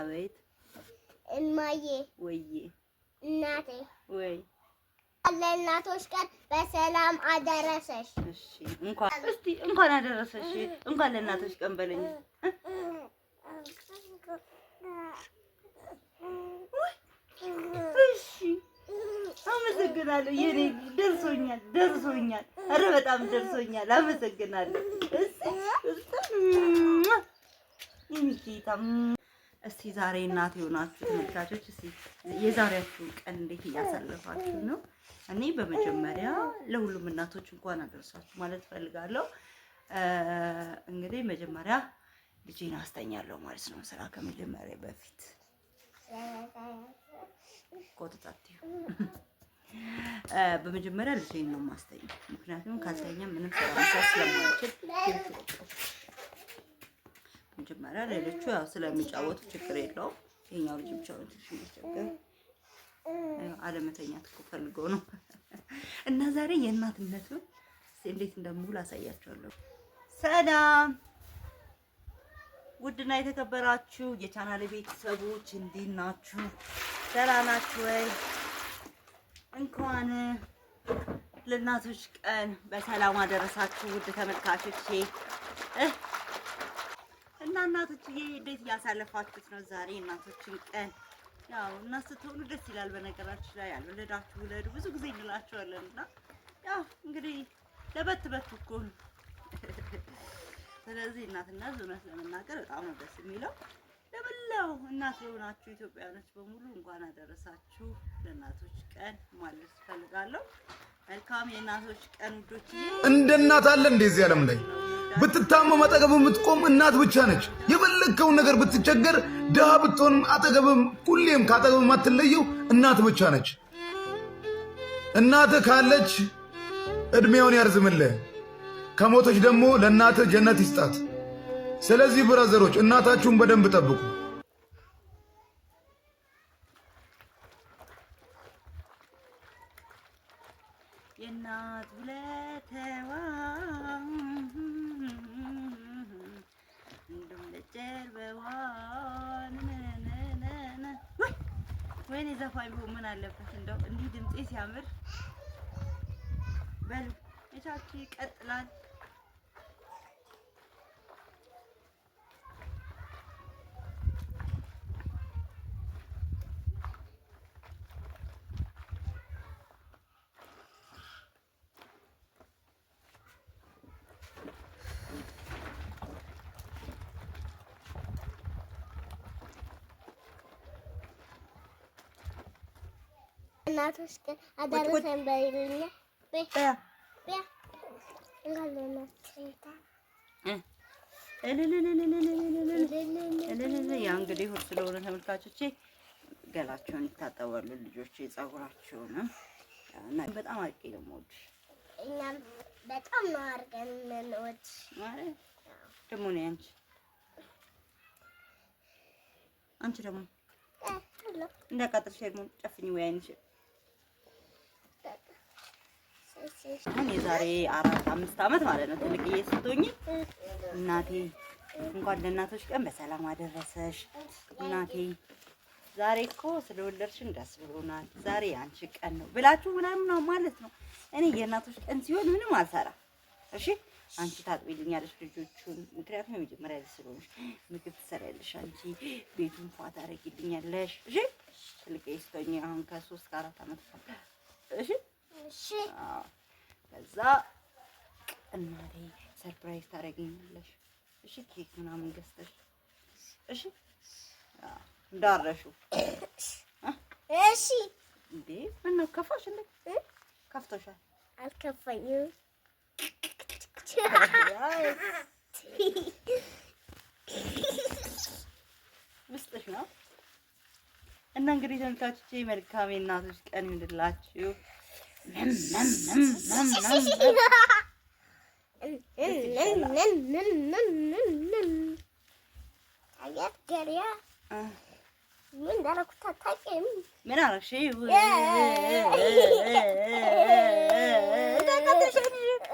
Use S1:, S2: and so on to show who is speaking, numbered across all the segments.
S1: አቤት እማዬ ወዬ እናቴ ወይ
S2: ለእናቶች ቀን በሰላም አደረሰሽ።
S1: እሺ እንኳን እስቲ እንኳን አደረሰሽ እንኳን ለእናቶች ቀን በለኝ። እሺ አመሰግናለሁ የኔ ደርሶኛል፣ ደርሶኛል። ኧረ በጣም ደርሶኛል። አመሰግናለሁ። እሺ እሺ እስቲ ዛሬ እናት የሆናችሁ ተመልካቾች እስቲ የዛሬያችሁን ቀን እንዴት እያሳለፋችሁ ነው? እኔ በመጀመሪያ ለሁሉም እናቶች እንኳን አደረሳችሁ ማለት ፈልጋለሁ። እንግዲህ መጀመሪያ ልጄን አስተኛለሁ ማለት ነው። ስራ ከመጀመሪያ በፊት ቆጥጣት በመጀመሪያ ልጄን ነው ማስተኛ። ምክንያቱም ካልተኛ ምንም ስራ ስለማልችል መጀመሪያ ሌሎቹ ያው ስለሚጫወቱ ችግር የለውም። ይሄኛው ልጅ ብቻ ነው ትንሽ የሚያስቸግር። አለመተኛት እኮ ፈልገው ነው እና ዛሬ የእናትነቱን እንዴት እንደምውል አሳያችኋለሁ። ሰላም ውድና የተከበራችሁ የቻናል ቤተሰቦች እንዴት ናችሁ? ሰላም ናችሁ ወይ? እንኳን ለእናቶች ቀን በሰላም አደረሳችሁ ውድ ተመልካቾቼ። እና እናቶችዬ እንዴት እያሳለፋችሁት ነው? ዛሬ እናቶችን ቀን ያው እና ስትሆኑ ደስ ይላል። በነገራችሁ ላይ ያልወለዳችሁ ውለዱ ብዙ ጊዜ እንላቸዋለን። እና ያው እንግዲህ ለበት በት እኮ ስለዚህ እናትና እውነት ለመናገር በጣም ነው ደስ የሚለው። ለመላው እናት የሆናችሁ ኢትዮጵያውያኖች በሙሉ እንኳን አደረሳችሁ ለእናቶች ቀን ማለት እፈልጋለሁ።
S3: እንደ እናት አለ እንደዚህ ዓለም ላይ ብትታመም አጠገብ የምትቆም እናት ብቻ ነች። የፈለግከውን ነገር ብትቸገር፣ ድሃ ብትሆንም አጠገብም ሁሌም ከአጠገብ የማትለየው እናት ብቻ ነች። እናት ካለች እድሜውን ያርዝምልህ፣ ከሞቶች ደግሞ ለእናትህ ጀነት ይስጣት። ስለዚህ ብራዘሮች እናታችሁን በደንብ ጠብቁ።
S1: የእናት ውለታዋ እንደም ለጀርባዋ ወይኔ ዘፋኝ ብሆን ምን አለበት እንደው እንዲህ ድምፄ ሲያምር በሉ የቻልኩት ይቀጥላል።
S2: እናቶች ግን አደረሰን በይልኛ
S1: ያ እንግዲህ እሑድ ስለሆነ ተመልካቾቼ ገላቸውን ይታጠባሉ፣ ልጆች ጸጉራቸውንም እና በጣም አድርጌ ነው የምወድሽ። እኛም በጣም ነው አድርገን የምንወድሽ ደግሞ እኔ አንቺ አንቺ ደግሞ እንዳቃጥልሽ ደግሞ ጨፍኝ ወይ አይንሽ አሁን የዛሬ አራት አምስት ዓመት ማለት ነው ትልቅዬ ስትሆኝ እናቴ እንኳን ለእናቶች ቀን በሰላም አደረሰሽ እናቴ ዛሬ እኮ ስለወለድሽን ደስ ብሎናል፣ ዛሬ አንቺ ቀን ነው ብላችሁ ምናምን ማለት ነው። እኔ የእናቶች ቀን ሲሆን ምንም አልሰራ እሺ አንቺ ታጥቢልኛለሽ ልጆቹን፣ ምክንያቱም የመጀመሪያ ልጅ ስለሆንሽ ምግብ ትሰሪያለሽ አንቺ፣ ቤቱን ፏ ታደርጊልኛለሽ። እሺ ትልቅ ስቶኝ አሁን ከሶስት ከአራት አመት እሺ ከዛ እናቴ ሰርፕራይዝ ታደርገኛለሽ። እሺ ኬክ ምናምን ገዝተሽ እሺ እንዳረሽው እሺ። እንዴ ምነው ከፋሽ? እንደ ከፍቶሻል? አልከፋኝም። ውስጥሽ ነው እና እንግዲህ ተመልካቾቼ መልካም የእናቶች ቀን ይሁንላችሁ። ምን ምን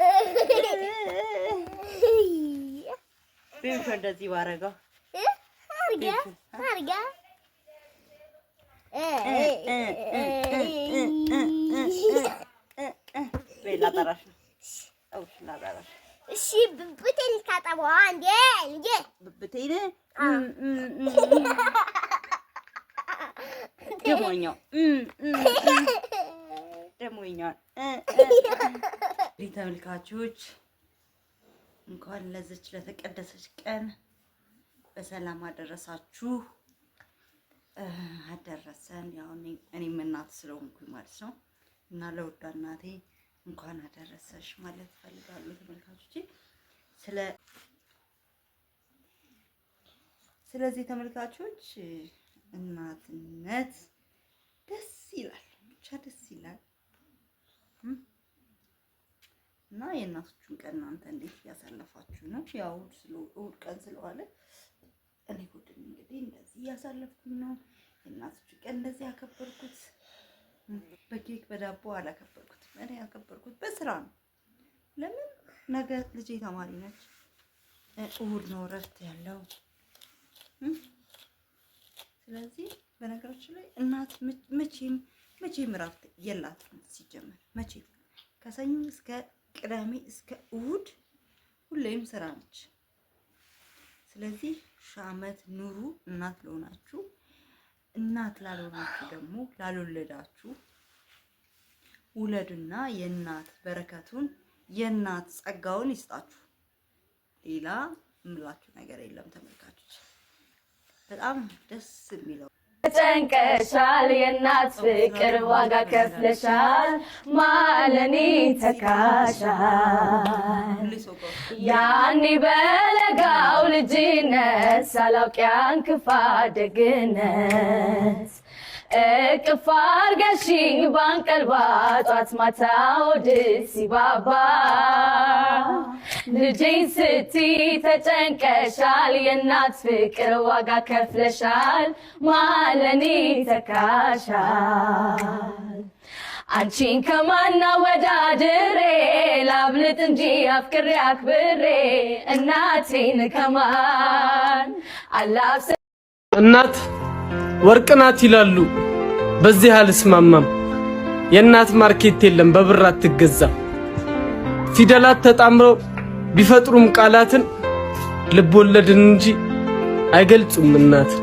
S1: አደረግሽ? እንደዚህ ባደረገው እሺ ብብቴን ልታጠበዋ እንዴ? እንዴ ብብቴን ደሞኛው ደሞኛል። ተመልካቾች እንኳን ለዚች ለተቀደሰች ቀን በሰላም አደረሳችሁ። አደረሰን። ያው እኔም እናት ስለሆንኩኝ ማለት ነው እና ለውዳ እናቴ እንኳን አደረሰሽ ማለት እፈልጋለሁ። ተመልካቾቼ ስለ ስለዚህ ተመልካቾች እናትነት ደስ ይላል፣ ብቻ ደስ ይላል እና የእናቶቹን ቀን እናንተ እንዴት እያሳለፋችሁ ነው? ያው እሑድ ቀን ስለዋለ እኔ ጉድን እንግዲህ እንደዚህ እያሳለፍኩኝ ነው። የእናቶች ቀን እንደዚህ ያከበርኩት በኬክ በዳቦ አላከበርኩት። እኔ ያከበርኩት በስራ ነው። ለምን ነገ ልጄ ተማሪ ነች። እሑድ ነው እረፍት ያለው። ስለዚህ በነገራችን ላይ እናት መቼም መቼም እረፍት የላትም ሲጀመር መቼም ከሰኞ እስከ ቅዳሜ እስከ እሑድ ሁሌም ስራ ነች። ስለዚህ ሺህ ዓመት ኑሩ። እናት ለሆናችሁ እናት ላልሆናችሁ ደግሞ ላልወለዳችሁ ውለዱና የእናት በረከቱን የእናት ጸጋውን ይስጣችሁ። ሌላ እምላችሁ ነገር የለም ተመልካቾች። በጣም ደስ የሚለው ተጨንቀሻል የእናት ፍቅር ዋጋ ከፍለሻል፣ ማለኔ ተካሻል። ያኔ በለጋው ልጅነት ሳላውቅ ያን ደግነት እቅፍ አድርገሽኝ ባንቀልባ ጧት ማታ ወድሽ ሲባባ ልጄን ስትይ ተጨንቀሻል፣ የእናት ፍቅር ዋጋ ከፍለሻል፣ ማለኔ ተካሻል። አንቺን ከማና ወዳድሬ ላብልጥ እንጂ አፍቅሬ አክብሬ እናቴን ከማን አላብሰ እናት ወርቅ ናት ይላሉ በዚህ አልስማማም። የእናት ማርኬት የለም በብር ትገዛ ፊደላት ተጣምረው ቢፈጥሩም ቃላትን ልብ ወለድን እንጂ አይገልጹም እናት